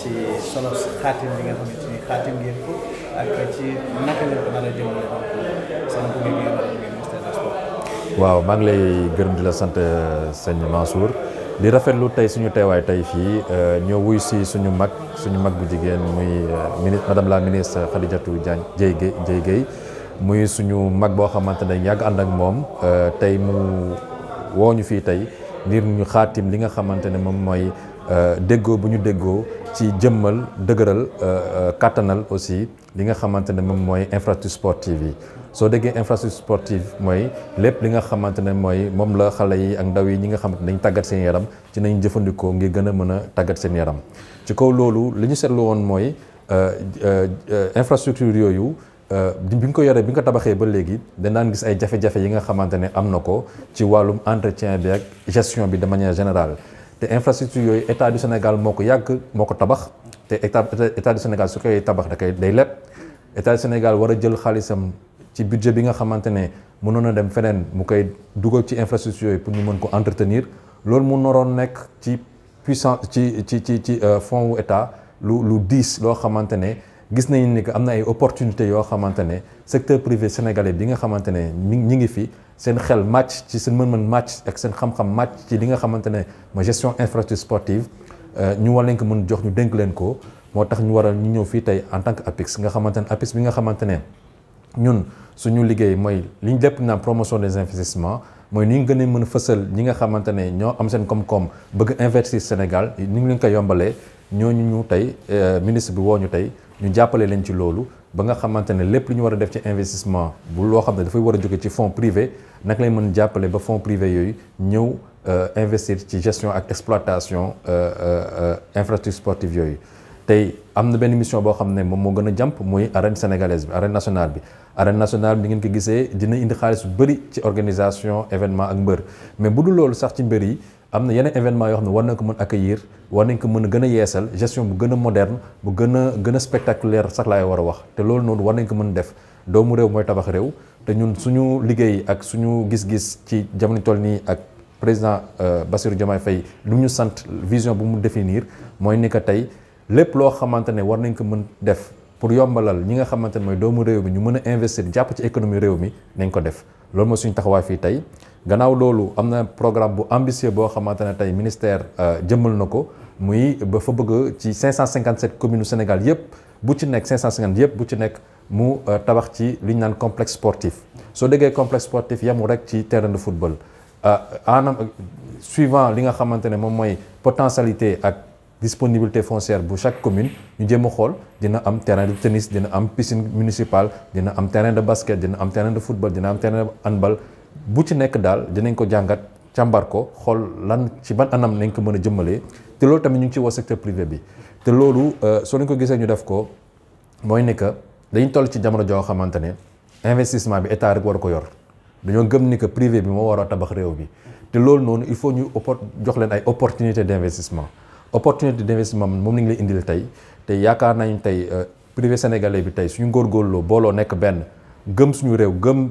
ci solo waaw maa ngi lay gërëm di la sant euh, sëñ Mansour di rafetlu tey suñu teewaay tey fii euh, ñoo wuy si suñu mag suñu mag bu jigéen muy euh, ministre madame la ministre Khadijatou Diagne Dieye Gueye muy suñu mag boo xamante ne yàgg ànd ak moom tey mu woo ñu fii tey ngir ñu xaatim li nga xamante ne moom mooy. Euh, déggo bu ñu déggoo ci jëmmal dëgëral euh, euh, kàttanal aussi li nga xamante ne moom mooy infrastructure sportive yi soo déggee infrastructure sportive mooy lépp li nga xamante ne mooy moom la xale yi ak ndaw yi ñi nga xamante dañ tàggat seen yaram ci nañ jëfandikoo ngir gën a mën a tàggat seen yaram ci kaw loolu li ñu seetlu woon mooy infrastructure yooyu bi nga ko yoree bi nga tabaxee ba léegi dañ daan gis ay jafe-jafe yi nga xamante ne am na ko ci wàllum entretien bi ak gestion bi de manière générale te infrastructure yooyu état du Sénégal moo ko yàgg moo ko tabax te état état du Sénégal su koy tabax da koy day leb état du Sénégal war a jël xaalisam ci budget bi nga xamante ne mënoon dem feneen mu koy dugal ci infrastructure yooyu pour ñu mën ko entretenir loolu mu noroon nekk ci puissance ci ci ci ci euh, fonds wu état lu lu diis loo xamante ne. gis nañu ni que am na ay opportunité yoo xamante ne secteur privé sénégalais bi nga xamante ne ñi ngi fi seen xel match ci seen mën-mën match ak seen xam-xam match ci li nga xamante ne mooy gestion infrastructure sportive euh, ñu war leen ko mën jox ñu dénk leen ko moo tax ñu waral ñu ñëw fii tey en tant que APIX nga xamante ne APIX bi nga xamante ne ñun suñu liggéey mooy li ñu lépp naa promotion des investissements mooy ni ñu gën a mën a fësal ñi nga xamante ne ñoo am seen koom-koom bëgg Sénégal ni ngi leen yombalee ñooñu ñu tey euh, ministre bi woo tey ñu jàppale leen ci loolu ba nga xamante ne lépp lu ñu war a def ci investissement bu loo xam ne dafay war a jóge ci fonds privé naka lay mën jàppale ba fonds privé yooyu ñëw euh, investir ci gestion ak exploitation euh, euh, infrastructure sportive yooyu tey am na benn mission boo xam ne moom moo gën a jàmp muy arène sénégalaise bi arène nationale bi arène nationale bi ngeen ko gisee dina indi xaalis bu bëri ci organisation événement ak mbër mais bu dul loolu sax ci mbër yi am na yeneen événement yoo xam ne war nañ ko mën accueillir war nañ ko mën a gën a yeesal gestion bu gën a moderne bu gën a gën a spectaculaire sax laay war a wax te loolu noonu war nañ ko mën def doomu réew mooy tabax réew te ñun suñu liggéey ak suñu gis-gis ci jamono toll nii ak président euh, Bassirou Diomaye Faye lu ñu sant vision bu mu définir mooy ni que tey lépp loo xamante ne war nañ ko mën def pour yombalal ñi nga xamante ne mooy doomu réew mi ñu mën a investir jàpp ci économie réew mi nañ ko def loolu mooy suñu taxawaay fii tey gannaaw loolu am na programme bu ambitieux boo xamante ne tey ministère euh, jëmmal na ko muy ba fa bëgg ci 557 communes Sénégal yëpp bu ci nekk 550 yëpp bu ci nekk mu euh, tabax ci lu ñu naan complexe sportif soo déggee complexe sportif yamul rek ci terrain de football euh, anam suivant li nga xamante ne moom mooy potentialité ak disponibilité foncière bu chaque commune ñu jéem a xool dina am terrain de tennis dina am piscine municipale dina am terrain de basket dina am terrain de football dina am terrain de bu ci nekk daal dinañ ko jàngat càmbar ko xool lan ci ban anam nañ ko mën a jëmmalee te loolu tamit ñu ngi ci woo secteur privé bi te loolu euh, soo leen ko gisee ñu def ko mooy ne que dañu toll ci jamono joo xamante ne investissement bi état rek war ko yor dañoo gëm ni que privé bi moo waroo a tabax réew bi te loolu noonu il faut ñu oppor jox leen ay opportunité d' investissement opportunité d' investissement moom la ñu lay indil tey te yaakaar nañ tey euh, privé sénégalais bi tey suñu góorgóorloo booloo nekk benn gëm suñu réew gëm.